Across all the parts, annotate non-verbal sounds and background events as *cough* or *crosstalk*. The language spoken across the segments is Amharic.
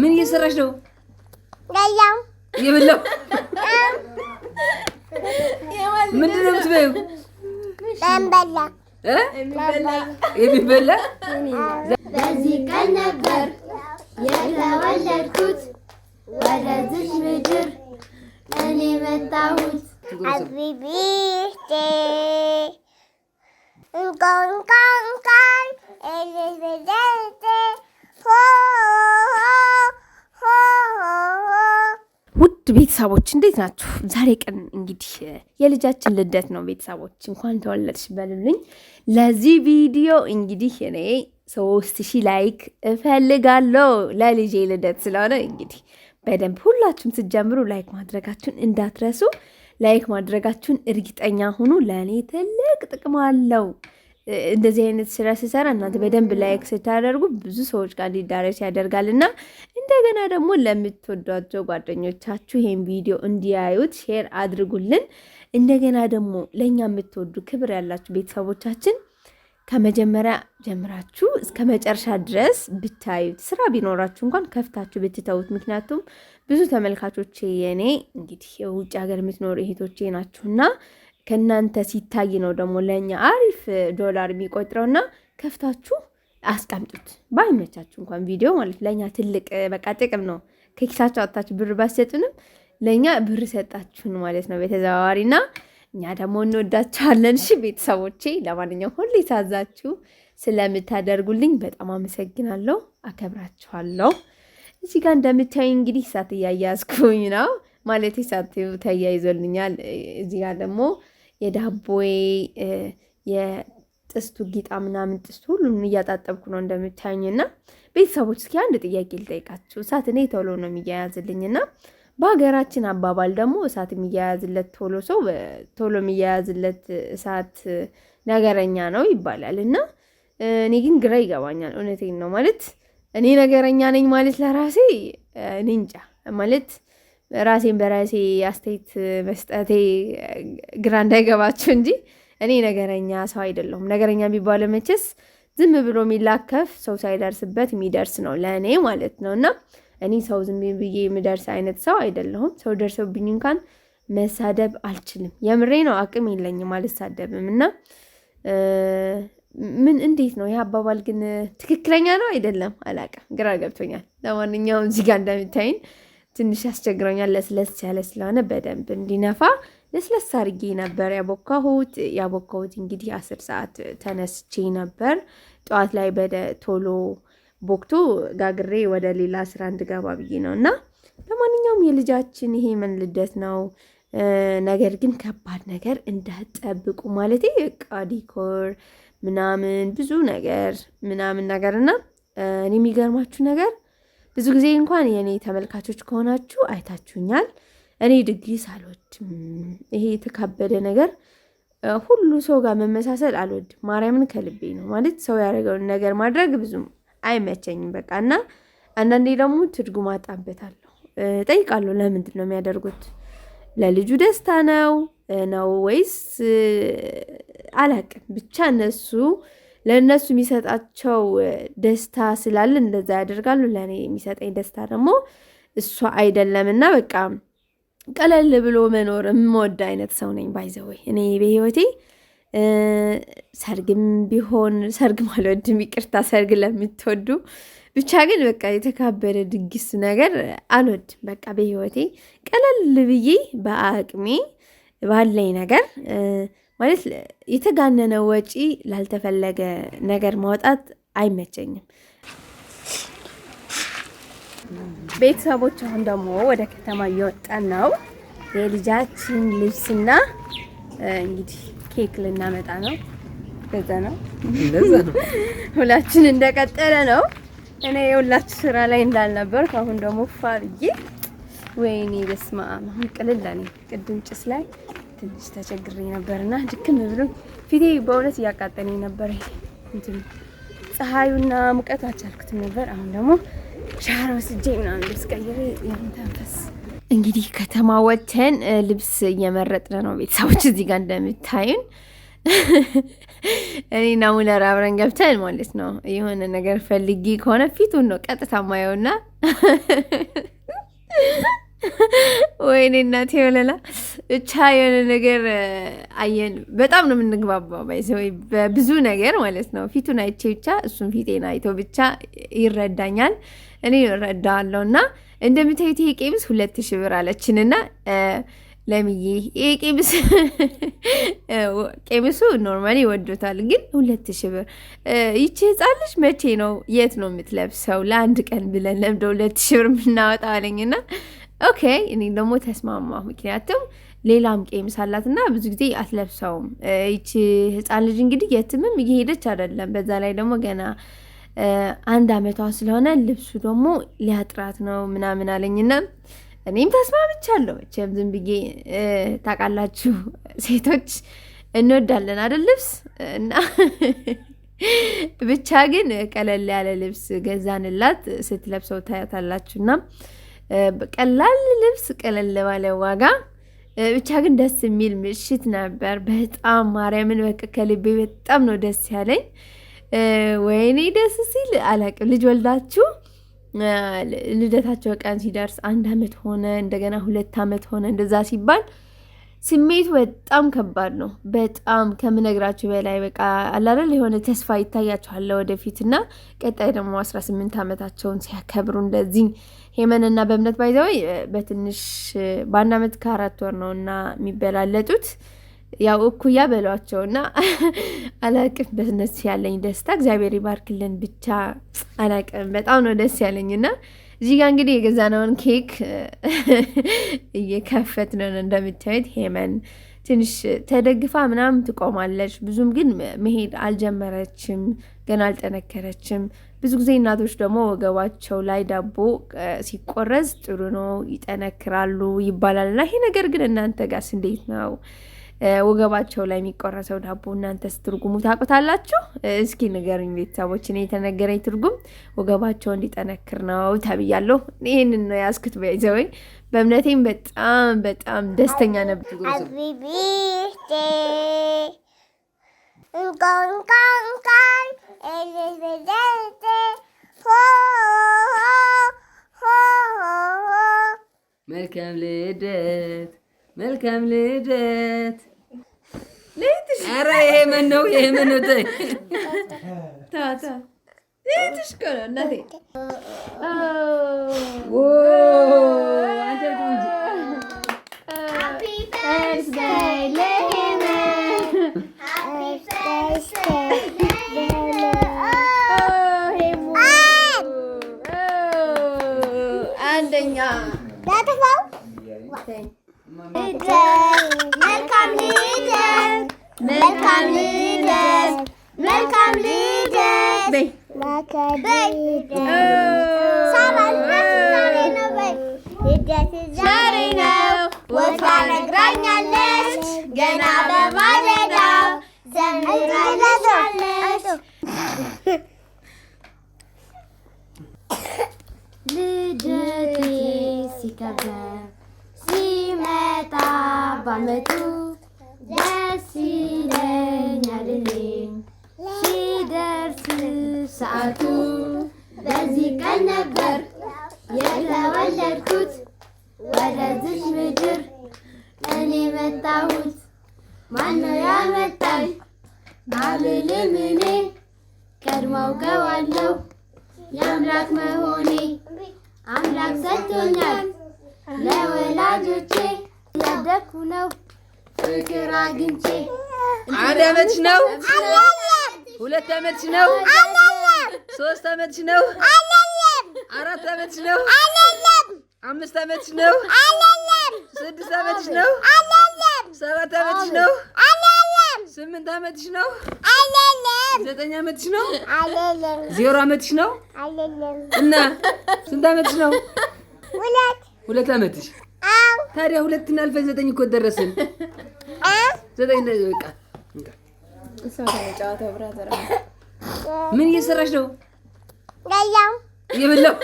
ምን እየሰራሽ ነው? በላው የበላው ምንድን ነው የምትበይው? በላ የሚበላ በዚህ ቀን ነበር የተወለድኩት ወደዚህ ምድር እኔ መጣሁት። ሀፒ ቢርዝዴይ እንኳን ሆ ውድ ቤተሰቦች እንዴት ናችሁ? ዛሬ ቀን እንግዲህ የልጃችን ልደት ነው። ቤተሰቦች እንኳን ተወለድሽ በሉልኝ። ለዚህ ቪዲዮ እንግዲህ እኔ ሶስት ሺህ ላይክ እፈልጋለሁ ለልጄ ልደት ስለሆነ እንግዲህ በደንብ ሁላችሁም ስትጀምሩ ላይክ ማድረጋችሁን እንዳትረሱ። ላይክ ማድረጋችሁን እርግጠኛ ሁኑ። ለእኔ ትልቅ ጥቅም አለው። እንደዚህ አይነት ስራ ስሰራ እናንተ በደንብ ላይክ ስታደርጉ ብዙ ሰዎች ጋር እንዲዳረስ ያደርጋል እና እንደገና ደግሞ ለምትወዷቸው ጓደኞቻችሁ ይህን ቪዲዮ እንዲያዩት ሼር አድርጉልን። እንደገና ደግሞ ለእኛ የምትወዱ ክብር ያላችሁ ቤተሰቦቻችን ከመጀመሪያ ጀምራችሁ እስከ መጨረሻ ድረስ ብታዩት ስራ ቢኖራችሁ እንኳን ከፍታችሁ ብትተውት። ምክንያቱም ብዙ ተመልካቾቼ የኔ እንግዲህ የውጭ ሀገር የምትኖሩ እህቶቼ ናችሁና ከእናንተ ሲታይ ነው ደግሞ ለእኛ አሪፍ ዶላር የሚቆጥረውና ከፍታችሁ አስቀምጡት። ባይመቻችሁ እንኳን ቪዲዮ ማለት ለእኛ ትልቅ በቃ ጥቅም ነው። ከኪሳችሁ አውጥታችሁ ብር ባትሰጡንም ለእኛ ብር ሰጣችሁን ማለት ነው በተዘዋዋሪ እና እኛ ደግሞ እንወዳችኋለን። እሺ ቤተሰቦቼ፣ ለማንኛውም ሁሌ ታዛችሁ ስለምታደርጉልኝ በጣም አመሰግናለሁ፣ አከብራችኋለሁ። እዚህ ጋር እንደምታዩ እንግዲህ እሳት እያያዝኩኝ ነው ማለት እሳት ተያይዞልኛል። እዚህ ጋር ደግሞ የዳቦዬ የጥስቱ ጊጣ ምናምን ጥስቱ ሁሉም እያጣጠብኩ ነው እንደምታዩኝ። እና ቤተሰቦች እስኪ አንድ ጥያቄ ልጠይቃችሁ። እሳት እኔ ቶሎ ነው የሚያያዝልኝ እና በሀገራችን አባባል ደግሞ እሳት የሚያያዝለት ቶሎ ሰው ቶሎ የሚያያዝለት እሳት ነገረኛ ነው ይባላል እና እኔ ግን ግራ ይገባኛል። እውነቴን ነው ማለት እኔ ነገረኛ ነኝ ማለት ለራሴ እኔ እንጃ ማለት ራሴን በራሴ አስተያየት መስጠቴ ግራ እንዳይገባችሁ እንጂ እኔ ነገረኛ ሰው አይደለሁም። ነገረኛ የሚባለው መቼስ ዝም ብሎ የሚላከፍ ሰው ሳይደርስበት የሚደርስ ነው ለእኔ ማለት ነው። እና እኔ ሰው ዝም ብዬ የምደርስ አይነት ሰው አይደለሁም። ሰው ደርሰውብኝ እንኳን መሳደብ አልችልም። የምሬ ነው፣ አቅም የለኝም፣ አልሳደብም። እና ምን እንዴት ነው ይህ አባባል ግን ትክክለኛ ነው አይደለም አላውቅም፣ ግራ ገብቶኛል። ለማንኛውም እዚህ ጋር እንደምታይን ትንሽ ያስቸግረኛል። ለስለስ ያለ ስለሆነ በደንብ እንዲነፋ ለስለስ አድርጌ ነበር ያቦካሁት። ያቦካሁት እንግዲህ አስር ሰዓት ተነስቼ ነበር። ጠዋት ላይ በደ ቶሎ ቦክቶ ጋግሬ ወደ ሌላ ስራ እንድገባ ብዬ ነው እና ለማንኛውም የልጃችን ይሄ ምን ልደት ነው። ነገር ግን ከባድ ነገር እንዳትጠብቁ ማለት እቃ ዲኮር ምናምን ብዙ ነገር ምናምን ነገር እና እኔ የሚገርማችሁ ነገር ብዙ ጊዜ እንኳን የእኔ ተመልካቾች ከሆናችሁ አይታችሁኛል። እኔ ድግስ አልወድም። ይሄ የተካበደ ነገር ሁሉ ሰው ጋር መመሳሰል አልወድም። ማርያምን ከልቤ ነው ማለት ሰው ያደረገውን ነገር ማድረግ ብዙም አይመቸኝም። በቃ እና አንዳንዴ ደግሞ ትርጉም አጣበታለሁ፣ ጠይቃለሁ። ለምንድን ነው የሚያደርጉት? ለልጁ ደስታ ነው ነው ወይስ አላቅም ብቻ እነሱ ለእነሱ የሚሰጣቸው ደስታ ስላለ እንደዛ ያደርጋሉ። ለእኔ የሚሰጠኝ ደስታ ደግሞ እሷ አይደለም እና በቃ ቀለል ብሎ መኖር የምወድ አይነት ሰው ነኝ። ባይዘወይ እኔ በህይወቴ ሰርግም ቢሆን ሰርግም አልወድም፣ ይቅርታ ሰርግ ለምትወዱ ብቻ ግን በቃ የተካበደ ድግስ ነገር አልወድም። በቃ በህይወቴ ቀለል ብዬ በአቅሜ ባለኝ ነገር ማለት የተጋነነ ወጪ ላልተፈለገ ነገር ማውጣት አይመቸኝም። ቤተሰቦች አሁን ደግሞ ወደ ከተማ እየወጣን ነው። የልጃችን ልብስና እንግዲህ ኬክ ልናመጣ ነው። ገዛ ነው *laughs* ሁላችን እንደቀጠለ ነው። እኔ የሁላችሁ ስራ ላይ እንዳልነበር አሁን ደግሞ ፋ ብዬ ወይኔ በስመ አብ አሁን ቅልል አለኝ። ቅድም ጭስ ላይ ትንሽ ተቸግሬ ነበርና ድክም ብሎ ፊቴ በእውነት እያቃጠለኝ ነበር። እንትን ፀሐዩና ሙቀቱ አልቻልኩትም ነበር። አሁን ደግሞ ሻር ወስጄ ምናምን ልብስ ቀይሬ ተንፈስ እንግዲህ ከተማ ወተን ልብስ እየመረጥን ነው ቤተሰቦች። እዚህ ጋር እንደምታዩን እኔና ሙለር አብረን ገብተን ማለት ነው። የሆነ ነገር ፈልጊ ከሆነ ፊቱን ነው ቀጥታ ማየውና ወይኔ እናቴ ወለላ ብቻ የሆነ ነገር አየን። በጣም ነው የምንግባባ ባይዘው በብዙ ነገር ማለት ነው። ፊቱን አይቼ ብቻ እሱን ፊቴን አይቶ ብቻ ይረዳኛል፣ እኔ እረዳዋለሁ። እና እንደምታዩት ይሄ ቄብስ ሁለት ሺህ ብር አለችን እና ለምዬ ይሄ ቄብስ *laughs* ቄብሱ ኖርማሊ ይወዱታል፣ ግን ሁለት ሺህ ብር ይቺ ህፃን ልጅ መቼ ነው የት ነው የምትለብሰው? ለአንድ ቀን ብለን ለምደ ሁለት ሺህ ብር የምናወጣ አለኝና ኦኬ እኔ ደግሞ ተስማማ። ምክንያቱም ሌላም ቄሚስ አላትና ብዙ ጊዜ አትለብሰውም። ይቺ ህፃን ልጅ እንግዲህ የትምም እየሄደች አይደለም። በዛ ላይ ደግሞ ገና አንድ አመቷ ስለሆነ ልብሱ ደግሞ ሊያጥራት ነው ምናምን አለኝና እኔም ተስማምቻለሁ። መቼም ዝም ብዬ ታውቃላችሁ *laughs* ሴቶች እንወዳለን አይደል ልብስ እና *laughs* ብቻ ግን ቀለል ያለ ልብስ ገዛንላት ስትለብሰው ታያታላችሁና ቀላል ልብስ ቀለል ባለ ዋጋ ብቻ ግን ደስ የሚል ምሽት ነበር። በጣም ማርያምን በቃ ከልቤ በጣም ነው ደስ ያለኝ። ወይኔ ደስ ሲል አላቅም። ልጅ ወልዳችሁ ልደታቸው ቀን ሲደርስ አንድ አመት ሆነ እንደገና ሁለት አመት ሆነ እንደዛ ሲባል ስሜቱ በጣም ከባድ ነው። በጣም ከምነግራችሁ በላይ በቃ አላለል የሆነ ተስፋ ይታያችኋል ወደፊት እና ቀጣይ ደግሞ 18 ዓመታቸውን ሲያከብሩ እንደዚህ ሄመን እና በእምነት ባይዘወይ በትንሽ በአንድ ዓመት ከአራት ወር ነው እና የሚበላለጡት ያው እኩያ በሏቸው እና *laughs* አላቅም በነሱ ያለኝ ደስታ እግዚአብሔር ይባርክልን ብቻ አላቅም በጣም ነው ደስ ያለኝ እና እዚህ ጋር እንግዲህ የገዛነውን ኬክ *laughs* እየከፈት ነን። እንደምታዩት ሄመን ትንሽ ተደግፋ ምናምን ትቆማለች። ብዙም ግን መሄድ አልጀመረችም፣ ገና አልጠነከረችም። ብዙ ጊዜ እናቶች ደግሞ ወገባቸው ላይ ዳቦ ሲቆረዝ ጥሩ ነው፣ ይጠነክራሉ ይባላል እና ይሄ ነገር ግን እናንተ ጋርስ እንዴት ነው? ወገባቸው ላይ የሚቆረሰው ዳቦ እናንተስ ትርጉሙ ታውቁታላችሁ? እስኪ ንገሩኝ ቤተሰቦች። እኔ የተነገረኝ ትርጉም ወገባቸው እንዲጠነክር ነው ተብያለሁ። ይህንን ነው ያስኩት። በይዘወይ በእምነቴም በጣም በጣም ደስተኛ ነበር። መልካም ልደት መልካም ልደት። ኧረ ይሄ ምን ነው? ይሄ ምን ነው? አንደኛ መልካም ልደት መልካም ልደት መልካም ልደት ዛሬ ነው ወቷ ነግራኛለች ገና በማለዳ ዘምራለች ልደቴ ሲከበር በዓመቱ ደስ ይለኛል እኔ ሲደርስ ሰዓቱ በዚህ ቀን ነበር የተወለድኩት ወደዚህ ምድር እኔ መጣሁት። ማነው ያመጣኝ አልልም እኔ ቀድሞው ገዋለው የአምላክ መሆኔ አምላክ ሰጥቶኛል ለወላጆቼ ያደኩ ነው ፍቅር አግኝቼ አንድ አመትሽ ነው? ሁለት አመትሽ ነው? ሶስት አመትሽ ነው? አራት አመትሽ ነው? አምስት አመትሽ ነው? ስድስት አመትሽ ነው? ሰባት ዓመትሽ ነው? ስምንት አመትሽ ነው? ዘጠኝ ዓመትሽ ነው? ዜሮ አመትሽ ነው? እና ስንት አመትሽ ነው? ሁለት አመትሽ ታዲያ ሁለትና አልፈን ዘጠኝ እኮ ደረስን። ምን እየሰራች ነው? የበላው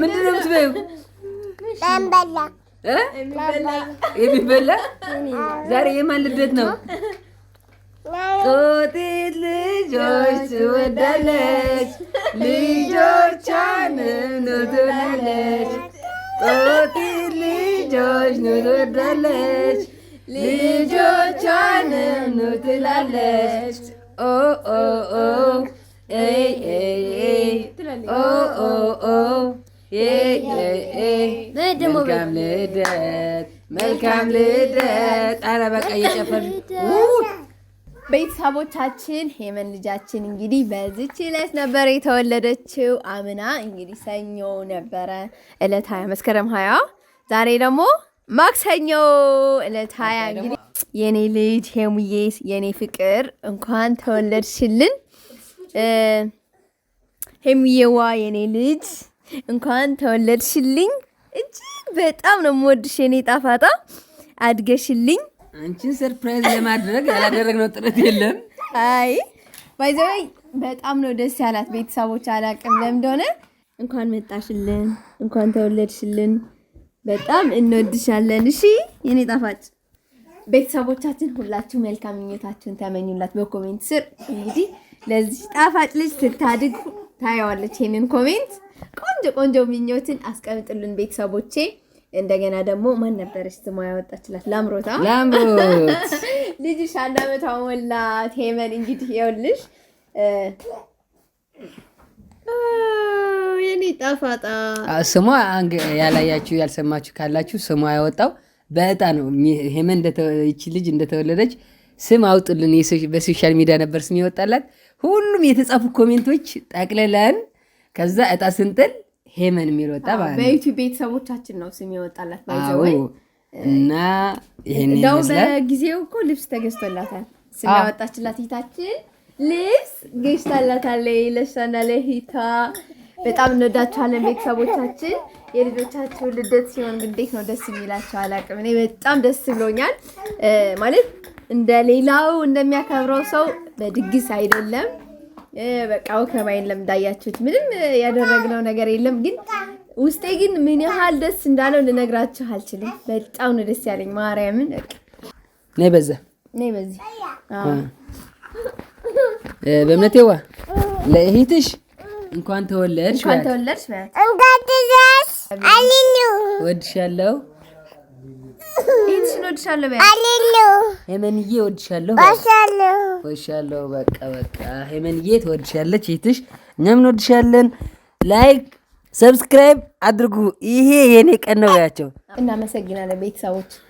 ምንድን ነው የምትበይው? የሚበላ ዛሬ የማን ልደት ነው? ጦጢት ልጆች ትወዳለች፣ ልጆቿንም ትወዳለች ти ліджош, ну тут далеч, ліджо чайним, ну ти далеч. О-о-о, ей-ей-ей, о-о-о, ей-ей-ей, መልካም ልደት፣ መልካም ልደት። አረ በቃ እየጨፈርን ቤተሰቦቻችን ሄመን ልጃችን እንግዲህ በዚች ዕለት ነበረ የተወለደችው። አምና እንግዲህ ሰኞ ነበረ ዕለት ሀያ መስከረም ሀያ ዛሬ ደግሞ ማክሰኞ ዕለት ሀያ እንግዲህ የኔ ልጅ ሄሙዬ የኔ ፍቅር እንኳን ተወለድሽልን። ሄሙዬዋ የኔ ልጅ እንኳን ተወለድሽልኝ። እጅግ በጣም ነው የምወድሽ የኔ ጣፋጣ አድገሽልኝ አንቺን ሰርፕራይዝ ለማድረግ ያላደረግነው ጥረት የለም። አይ ባይዘወይ በጣም ነው ደስ ያላት ቤተሰቦች፣ አላቅም ለምደሆነ እንደሆነ። እንኳን መጣሽልን፣ እንኳን ተወለድሽልን። በጣም እንወድሻለን። እሺ የኔ ጣፋጭ ቤተሰቦቻችን ሁላችሁ መልካም ምኞታችሁን ተመኙላት በኮሜንት ስር። እንግዲህ ለዚህ ጣፋጭ ልጅ ስታድግ ታየዋለች። ይህንን ኮሜንት ቆንጆ ቆንጆ ምኞትን አስቀምጥልን ቤተሰቦቼ። እንደገና ደግሞ ማን ነበር ስትማ ያወጣችላት? ላምሮታ ላምሮት *laughs* ልጅሽ አንድ አመቷ ሞላት። ቴመን እንግዲህ ይኸውልሽ የኔ ጣፋጣ ስሟ ያላያችሁ ያልሰማችሁ ካላችሁ ስሟ ያወጣው በእጣ ነው። ሄመን ይቺ ልጅ እንደተወለደች ስም አውጥልን በሶሻል ሚዲያ ነበር ስም ይወጣላት። ሁሉም የተጻፉ ኮሜንቶች ጠቅልለን ከዛ እጣ ስንጥል ሄመን የሚል ወጣ በዩቲዩብ ቤተሰቦቻችን ነው ስም ይወጣላት እና ይህን ይመስላል። በጊዜው እኮ ልብስ ተገዝቶላታል። ስናወጣችላት ሂታችን ልብስ ገዝታላታለ ለሻና ለሂታ በጣም እንወዳችኋለን ቤተሰቦቻችን። የልጆቻችሁ ልደት ሲሆን እንዴት ነው ደስ የሚላቸው አላውቅም። እኔ በጣም ደስ ብሎኛል። ማለት እንደ ሌላው እንደሚያከብረው ሰው በድግስ አይደለም በቃ ከማይን ለምዳያችሁት ምንም ያደረግነው ነገር የለም። ግን ውስጤ ግን ምን ያህል ደስ እንዳለው ልነግራችሁ አልችልም። በጣም ነው ደስ ያለኝ። ማርያምን ነይ በዛ ነይ በዚህ በእምነቴዋ ለእህትሽ እንኳን ተወለድሽ እንኳን ተወለድሽ ወድሻለሁ ይህንሽን ወድሻለሁ በይ ሄመንዬ ወድሻለሁ ወድሻለሁ በቃ በቃ ሄመንዬ ትወድሻለች ይህትሽ እኛም እንወድሻለን ላይክ ሰብስክራይብ አድርጉ ይሄ የኔ ቀን ነው እናመሰግናለን ቤተሰቦች